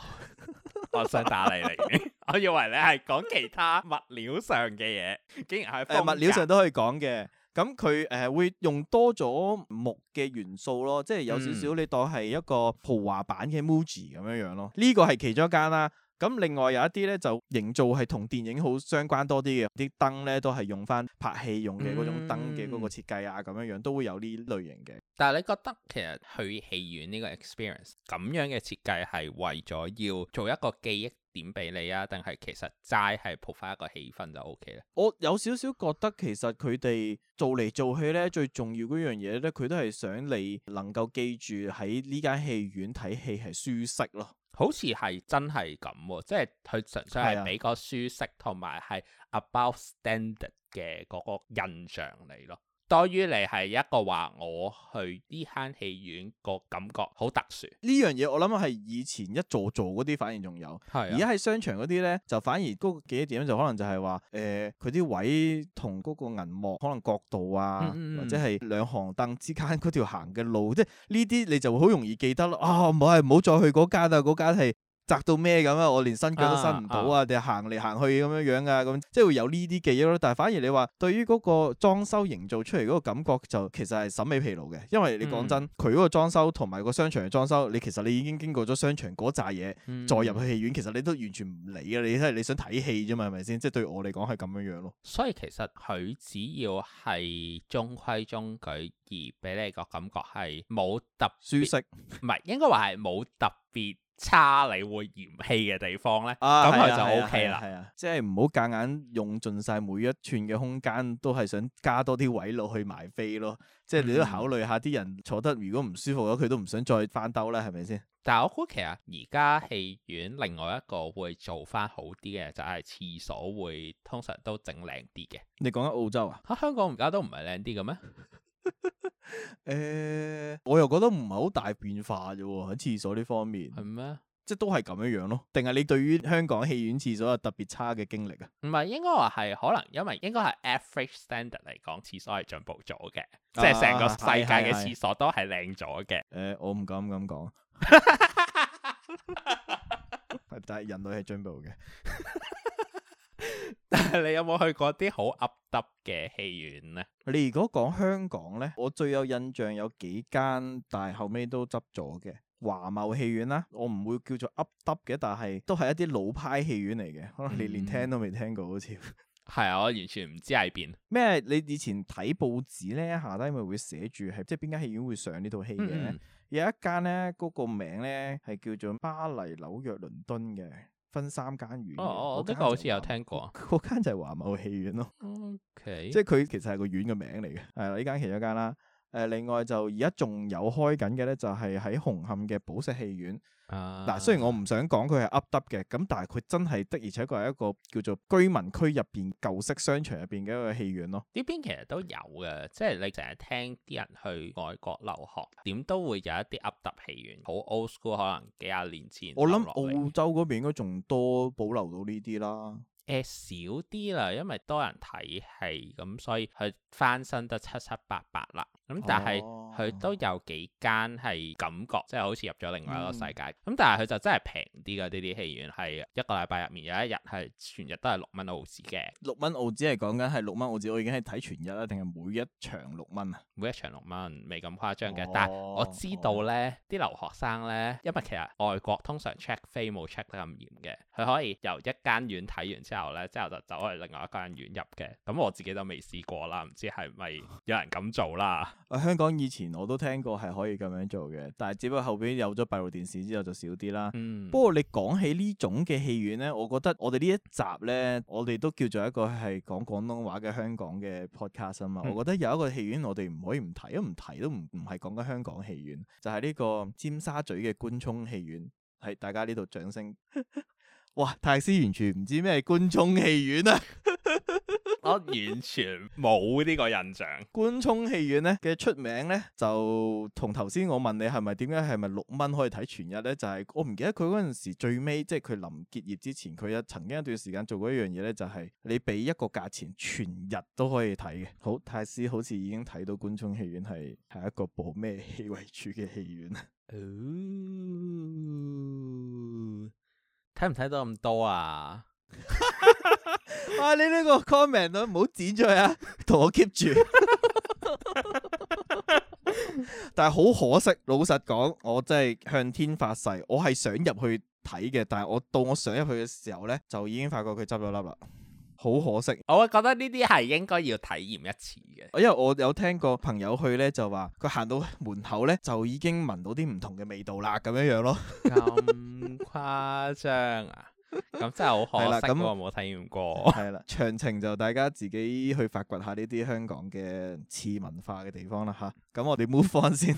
[laughs] 我想打你嚟， [laughs] 我以為你係講其他物料上嘅嘢，竟然係、呃、物料上都可以講嘅。咁佢誒會用多咗木嘅元素咯，即係有少少你當係一個豪華版嘅 MUJI 咁樣樣咯。呢個係其中一間啦。咁另外有一啲咧，就營造係同電影好相關多啲嘅，啲燈咧都係用翻拍戲用嘅嗰種燈嘅嗰個設計啊，咁、嗯、樣樣都會有呢類型嘅。但係你覺得其實去戲院呢個 experience 咁樣嘅設計係為咗要做一個記憶點俾你啊，定係其實齋係鋪翻一個氣氛就 O K 啦？我有少少覺得其實佢哋做嚟做去咧，最重要嗰樣嘢咧，佢都係想你能夠記住喺呢間戲院睇戲係舒適咯。好似係真係咁喎，即係佢純粹係畀個舒適同埋係 above standard 嘅嗰個印象嚟咯。多於你係一個話，我去呢間戲院個感覺好特殊。呢樣嘢我諗係以前一座座嗰啲反而仲有，而家喺商場嗰啲咧就反而嗰個記憶點就可能就係話，誒佢啲位同嗰個銀幕可能角度啊，嗯嗯嗯或者係兩行凳之間嗰條行嘅路，即係呢啲你就會好容易記得咯。啊，唔係，唔好再去嗰間啦，嗰間係。窄到咩咁啊！我連伸腳都伸唔到啊，定係、啊啊、行嚟行去咁樣樣啊？咁即係會有呢啲記憶咯。但係反而你話對於嗰個裝修營造出嚟嗰個感覺，就其實係審美疲勞嘅。因為你講真，佢嗰、嗯、個裝修同埋個商場嘅裝修，你其實你已經經過咗商場嗰扎嘢再入去戲院，其實你都完全唔理啊。你都係你想睇戲啫嘛，係咪先？即係對我嚟講係咁樣樣咯。所以其實佢只要係中規中矩，而俾你個感覺係冇特別舒適，唔係應該話係冇特別。差你會嫌棄嘅地方咧，咁佢、啊、就 O K 啦。係啊，啊，啊，啊，啊，啊，即係唔好夾硬用盡晒每一寸嘅空間，都係想加多啲位落去賣飛咯。即係你都考慮下啲、嗯、人坐得，如果唔舒服咗，佢都唔想再翻兜啦，係咪先？但係我估其實而家戲院另外一個會做翻好啲嘅，就係、是、廁所會通常都整靚啲嘅。你講緊澳洲啊？嚇、啊，香港而家都唔係靚啲嘅咩？ [laughs] 誒、欸，我又覺得唔係好大變化啫喎，喺廁所呢方面係咩？嗎即係都係咁樣樣咯。定係你對於香港戲院廁所有特別差嘅經歷啊？唔係，應該話係可能因為應該係 average standard 嚟講，廁所係進步咗嘅，啊、即係成個世界嘅廁所都係靚咗嘅。誒、嗯，我唔敢咁講， [laughs] [laughs] 但係人類係進步嘅。 [laughs] 但係 [laughs] 你有冇去過啲好 up up 嘅戲院呢？你如果講香港呢，我最有印象有幾間，但係後尾都執咗嘅華懋戲院啦。我唔會叫做 up up 嘅，但係都係一啲老派戲院嚟嘅。可能你連聽都未聽過，好似係啊，我完全唔知喺邊。咩？你以前睇報紙呢，下低咪會寫住係即係邊間戲院會上呢套戲嘅？嗯、有一間呢，嗰、嗰個名呢係叫做巴黎紐倫、紐約、倫敦嘅。分三間院，哦哦，呢、哦、個好似有聽過，嗰間就係華茂戲院咯，OK，即係佢其實係個院嘅名嚟嘅，係啦，呢間其中一間啦。誒、呃，另外就而家仲有開緊嘅咧，就係、是、喺紅磡嘅寶石戲院。嗱、啊，雖然我唔想講佢係 up up 嘅，咁但係佢真係的，而且佢係一個叫做居民區入邊舊式商場入邊嘅一個戲院咯。呢邊其實都有嘅，即係你成日聽啲人去外國留學，點都會有一啲 up up 戲院，好 old school，可能幾廿年前。我諗澳洲嗰邊應該仲多保留到呢啲啦。誒、欸，少啲啦，因為多人睇戲咁，所以佢翻新得七七八八啦。咁、嗯、但係佢都有幾間係感覺，即係好似入咗另外一個世界。咁、嗯、但係佢就真係平啲嘅呢啲戲院，係一個禮拜入面有一日係全日都係六蚊澳紙嘅。六蚊澳紙係講緊係六蚊澳紙，我已經係睇全日啦，定係每一場六蚊啊？每一場六蚊，未咁誇張嘅。哦、但係我知道呢啲、哦、留學生呢，因為其實外國通常 check 飛冇 check 得咁嚴嘅，佢可以由一間院睇完之後呢，之後就走去另外一間院入嘅。咁我自己都未試過啦，唔知係咪有人咁做啦？啊、香港以前我都聽過係可以咁樣做嘅，但係只不過後邊有咗閉路電視之後就少啲啦。嗯、不過你講起呢種嘅戲院呢，我覺得我哋呢一集呢，我哋都叫做一個係講廣東話嘅香港嘅 podcast 啊嘛。嗯、我覺得有一個戲院我哋唔可以唔提，因為唔提都唔唔係講緊香港戲院，就係、是、呢個尖沙咀嘅官涌戲院。係大家呢度掌聲。哇！泰斯完全唔知咩官涌戲院啊！ [laughs] 我 [laughs] 完全冇呢個印象。官涌戲院咧，嘅出名呢，就同頭先我問你係咪點解係咪六蚊可以睇全日呢？就係、是、我唔記得佢嗰陣時最尾，即係佢臨結業之前，佢有曾經一段時間做過一樣嘢呢，就係、是、你俾一個價錢，全日都可以睇嘅。好，泰斯好似已經睇到官涌戲院係係一個部咩戲為主嘅戲院啊？睇唔睇到咁多啊？ [laughs] 哇、 [laughs] 啊！你呢個 comment 唔好剪咗啊，同我 keep 住。 [laughs] 但係好可惜，老實講，我真係向天發誓，我係想入去睇嘅，但係我到我想入去嘅時候呢，就已經發覺佢執咗笠啦。好可惜，我會覺得呢啲係應該要體驗一次嘅。因為我有聽過朋友去呢，就話佢行到門口呢，就已經聞到啲唔同嘅味道啦，咁樣樣咯。咁誇張啊！咁 [laughs] 真係好可惜，啊，我冇、嗯、體驗過。係啦、嗯，嗯、 [laughs] 詳情就大家自己去發掘下呢啲香港嘅次文化嘅地方啦吓。咁 [laughs] 我哋 move on 先。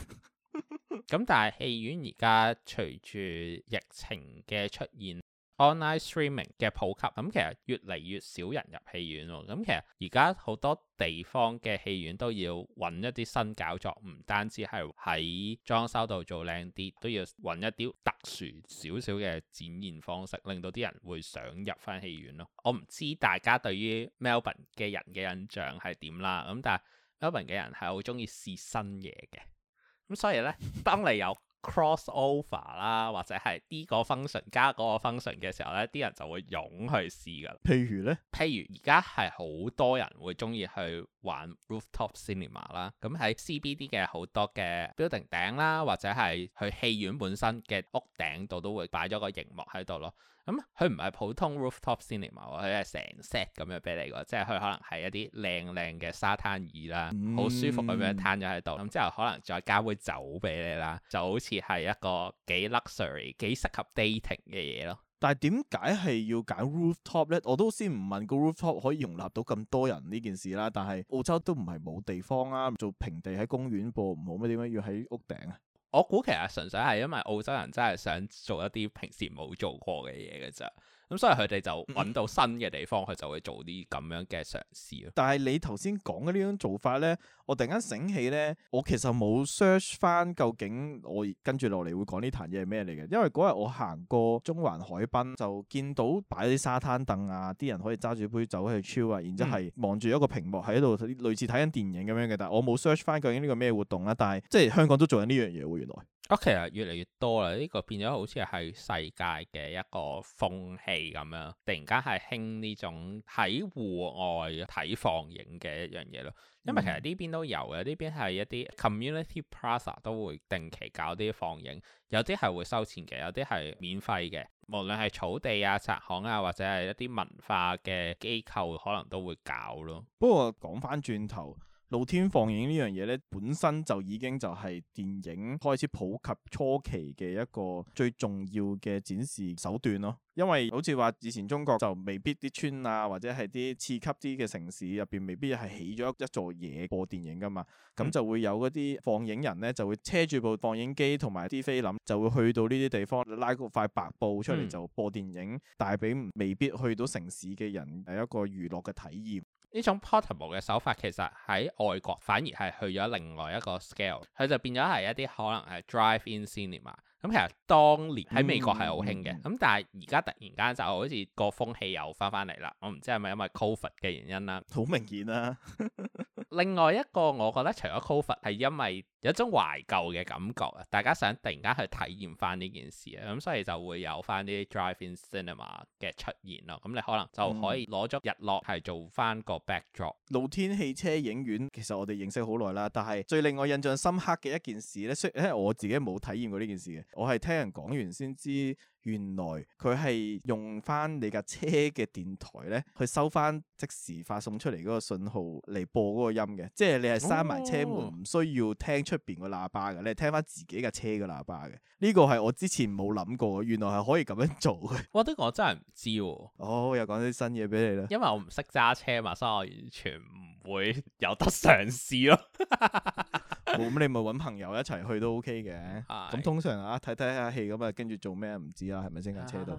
咁 [laughs] [laughs] 但係戲院而家隨住疫情嘅出現。Online streaming 嘅普及，咁、嗯、其實越嚟越少人入戲院喎。咁、嗯、其實而家好多地方嘅戲院都要揾一啲新搞作，唔單止係喺裝修度做靚啲，都要揾一啲特殊少少嘅展現方式，令到啲人會想入返戲院咯。我唔知大家對於 Melbourne 嘅人嘅印象係點啦，咁、嗯、但係 Melbourne 嘅人係好鍾意試新嘢嘅，咁、嗯、所以呢，當你有 cross over 啦，或者係呢個 function 加嗰個 function 嘅時候呢，啲人就會湧去試噶啦。譬如呢，譬如而家係好多人會鍾意去玩 rooftop cinema 啦。咁喺 CBD 嘅好多嘅 building 頂啦，或者係去戲院本身嘅屋頂度都會擺咗個熒幕喺度咯。咁佢唔係普通 rooftop 先嚟㗎喎，佢係成 set 咁樣俾你㗎，即係佢可能係一啲靚靚嘅沙灘椅啦，好、嗯、舒服咁樣攤咗喺度。咁之後可能再加杯酒俾你啦，就好似係一個幾 luxury、幾適合 dating 嘅嘢咯。但係點解係要揀 rooftop 咧？我都先唔問個 rooftop 可以容納到咁多人呢件事啦。但係澳洲都唔係冇地方啊，做平地喺公園噃，唔好咩？點解要喺屋頂啊？我估其實純粹係因為澳洲人真係想做一啲平時冇做過嘅嘢嘅咋。咁所以佢哋就揾到新嘅地方，佢、嗯、就會做啲咁樣嘅嘗試咯。但係你頭先講嘅呢種做法咧，我突然間醒起咧，我其實冇 search 翻究竟我跟住落嚟會講呢壇嘢係咩嚟嘅。因為嗰日我行過中環海濱，就見到擺啲沙灘凳啊，啲人可以揸住杯酒去 chill 啊，然之後係望住一個屏幕喺度，類似睇緊電影咁樣嘅。但係我冇 search 翻究竟呢個咩活動啦。但係即係香港都做緊呢樣嘢喎、啊，原來。哦，其實越嚟越多啦，呢個變咗好似係世界嘅一個風氣咁樣，突然間係興呢種喺戶外睇放映嘅一樣嘢咯。因為其實呢邊都有嘅，呢邊係一啲 community plaza 都會定期搞啲放映，有啲係會收錢嘅，有啲係免費嘅。無論係草地啊、宅行啊，或者係一啲文化嘅機構，可能都會搞咯。不過講返轉頭。露天放映呢樣嘢咧，本身就已經就係電影開始普及初期嘅一個最重要嘅展示手段咯。因為好似話以前中國就未必啲村啊，或者係啲次級啲嘅城市入邊，未必係起咗一座嘢播電影噶嘛。咁就會有嗰啲放映人咧，就會車住部放映機同埋啲菲林，就會去到呢啲地方，拉個塊白布出嚟就播電影，帶俾、嗯、未必去到城市嘅人係一個娛樂嘅體驗。呢種 portable 嘅手法其實喺外國反而係去咗另外一個 scale，佢就變咗係一啲可能係 drive-in cinema。咁其實當年喺美國係好興嘅，咁但係而家突然間就好似個風氣又翻翻嚟啦。我唔知係咪因為 COVID 嘅原因啦。好明顯啦、啊。 [laughs] 另外一個我覺得除咗 COVID 係因為有一種懷舊嘅感覺啊，大家想突然間去體驗翻呢件事啊，咁所以就會有翻啲 drive-in cinema 嘅出現咯。咁你可能就可以攞咗日落係做翻個 backdrop。嗯、露天汽車影院其實我哋認識好耐啦，但係最令我印象深刻嘅一件事咧，雖然我自己冇體驗過呢件事嘅，我係聽人講完先知。原來佢係用翻你架車嘅電台咧，去收翻即時發送出嚟嗰個信號嚟播嗰個音嘅，即係你係閂埋車門，唔、哦、需要聽出面個喇叭嘅，你係聽翻自己架車嘅喇叭嘅。呢、這個係我之前冇諗過原來係可以咁樣做嘅。我得、這個、我真係唔知、啊。哦、oh，又講啲新嘢俾你啦。因為我唔識揸車嘛，所以我完全唔。會有得嘗試咯，咁你咪搵朋友一齊去都 OK 嘅。咁通常啊，睇睇下戲咁啊，跟住做咩唔知啦，係咪先架車度？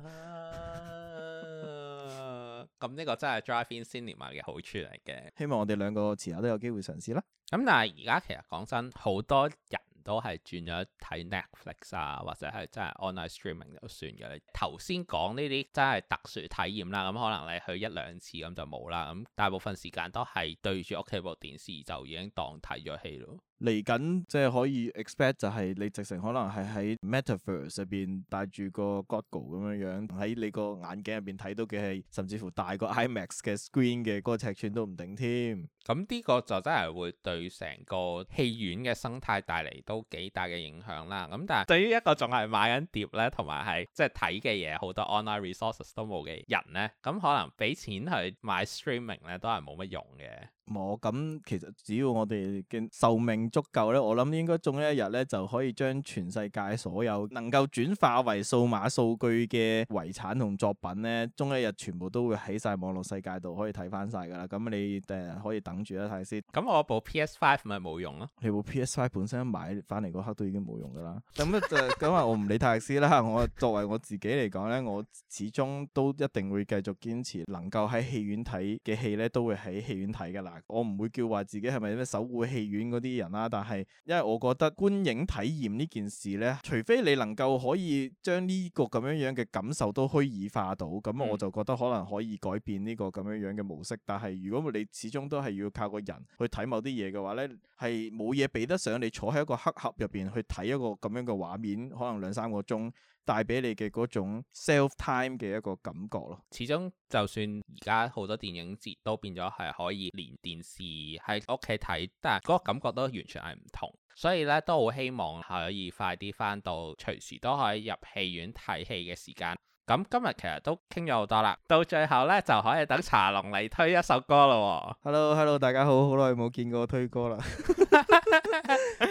咁呢個真係 Driving Cinema 嘅好處嚟嘅。希望我哋兩個遲下都有機會嘗試啦。咁但係而家其實講真，好多人。都係轉咗睇 Netflix 啊，或者係真係 online streaming 就算嘅。頭先講呢啲真係特殊體驗啦，咁可能你去一兩次咁就冇啦。咁大部分時間都係對住屋企部電視，就已經當睇咗戲咯。嚟緊即係可以 expect 就係你直情可能係喺 Metaverse 上戴住個 goggle 咁樣樣，喺你個眼鏡入邊睇到嘅戲，甚至乎大個 IMAX 嘅 screen 嘅嗰、那個尺寸都唔定添。咁呢個就真係會對成個戲院嘅生態帶嚟都幾大嘅影響啦。咁但係對於一個仲係買緊碟咧，同埋係即係睇嘅嘢好多 online resources 都冇嘅人咧，咁可能俾錢去買 streaming 咧都係冇乜用嘅。咁、嗯，其實只要我哋嘅壽命足夠咧，我諗應該終一日咧，就可以將全世界所有能夠轉化為數碼數據嘅遺產同作品咧，終一日全部都會喺晒網絡世界度可以睇翻晒噶啦。咁、嗯、你誒、呃、可以等住啦，睇先。咁我部 PS Five 咪冇用咯？你部 PS Five 本身買翻嚟嗰刻都已經冇用噶啦。咁就咁啊！我唔理泰斯啦。我作為我自己嚟講咧，我始終都一定會繼續堅持，能夠喺戲院睇嘅戲咧，都會喺戲院睇噶啦。我唔會叫話自己係咪咩守護戲院嗰啲人啦，但係因為我覺得觀影體驗呢件事呢，除非你能夠可以將呢個咁樣樣嘅感受都虛擬化到，咁我就覺得可能可以改變呢個咁樣樣嘅模式。但係如果你始終都係要靠個人去睇某啲嘢嘅話呢，係冇嘢比得上你坐喺一個黑盒入邊去睇一個咁樣嘅畫面，可能兩三個鐘。帶俾你嘅嗰種 self time 嘅一個感覺咯。始終就算而家好多電影節都變咗係可以連電視喺屋企睇，但係嗰個感覺都完全係唔同。所以咧都好希望可以快啲翻到隨時都可以入戲院睇戲嘅時間。咁今日其實都傾咗好多啦，到最後咧就可以等茶龍嚟推一首歌咯、哦。Hello，Hello，hello, 大家好，好耐冇見過推歌啦。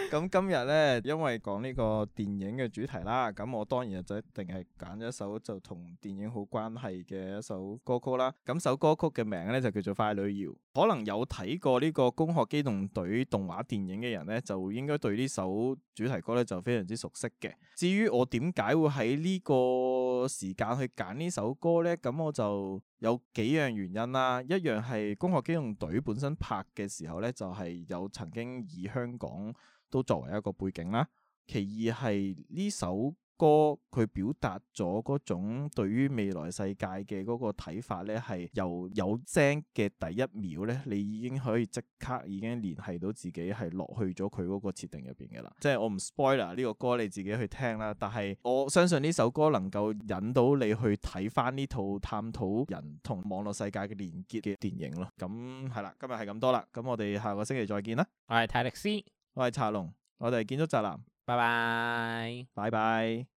咁 [laughs] [laughs] [laughs] 今日咧，因為講呢個電影嘅主題啦，咁我當然就一定係揀一首就同電影好關係嘅一首歌曲啦。咁首歌曲嘅名咧就叫做《傀儡謡》，可能有睇過呢個《攻殼機動隊》動畫電影嘅人咧，就應該對呢首主題歌咧就非常之熟悉嘅。至於我點解會喺呢個時間？但去揀呢首歌呢，咁我就有幾樣原因啦。一樣係《攻殼機動隊》本身拍嘅時候呢，就係、是、有曾經以香港都作為一個背景啦。其二係呢首歌佢表達咗嗰種對於未來世界嘅嗰個睇法咧，係由有聲嘅第一秒咧，你已經可以即刻已經聯繫到自己係落去咗佢嗰個設定入邊嘅啦。即係我唔 spoiler 呢個歌，你自己去聽啦。但係我相信呢首歌能夠引到你去睇翻呢套《探討人同網絡世界嘅連結》嘅電影咯。咁係啦，今日係咁多啦。咁我哋下個星期再見啦。我係泰力斯，我係查龍，我哋建築宅男。拜拜，拜拜。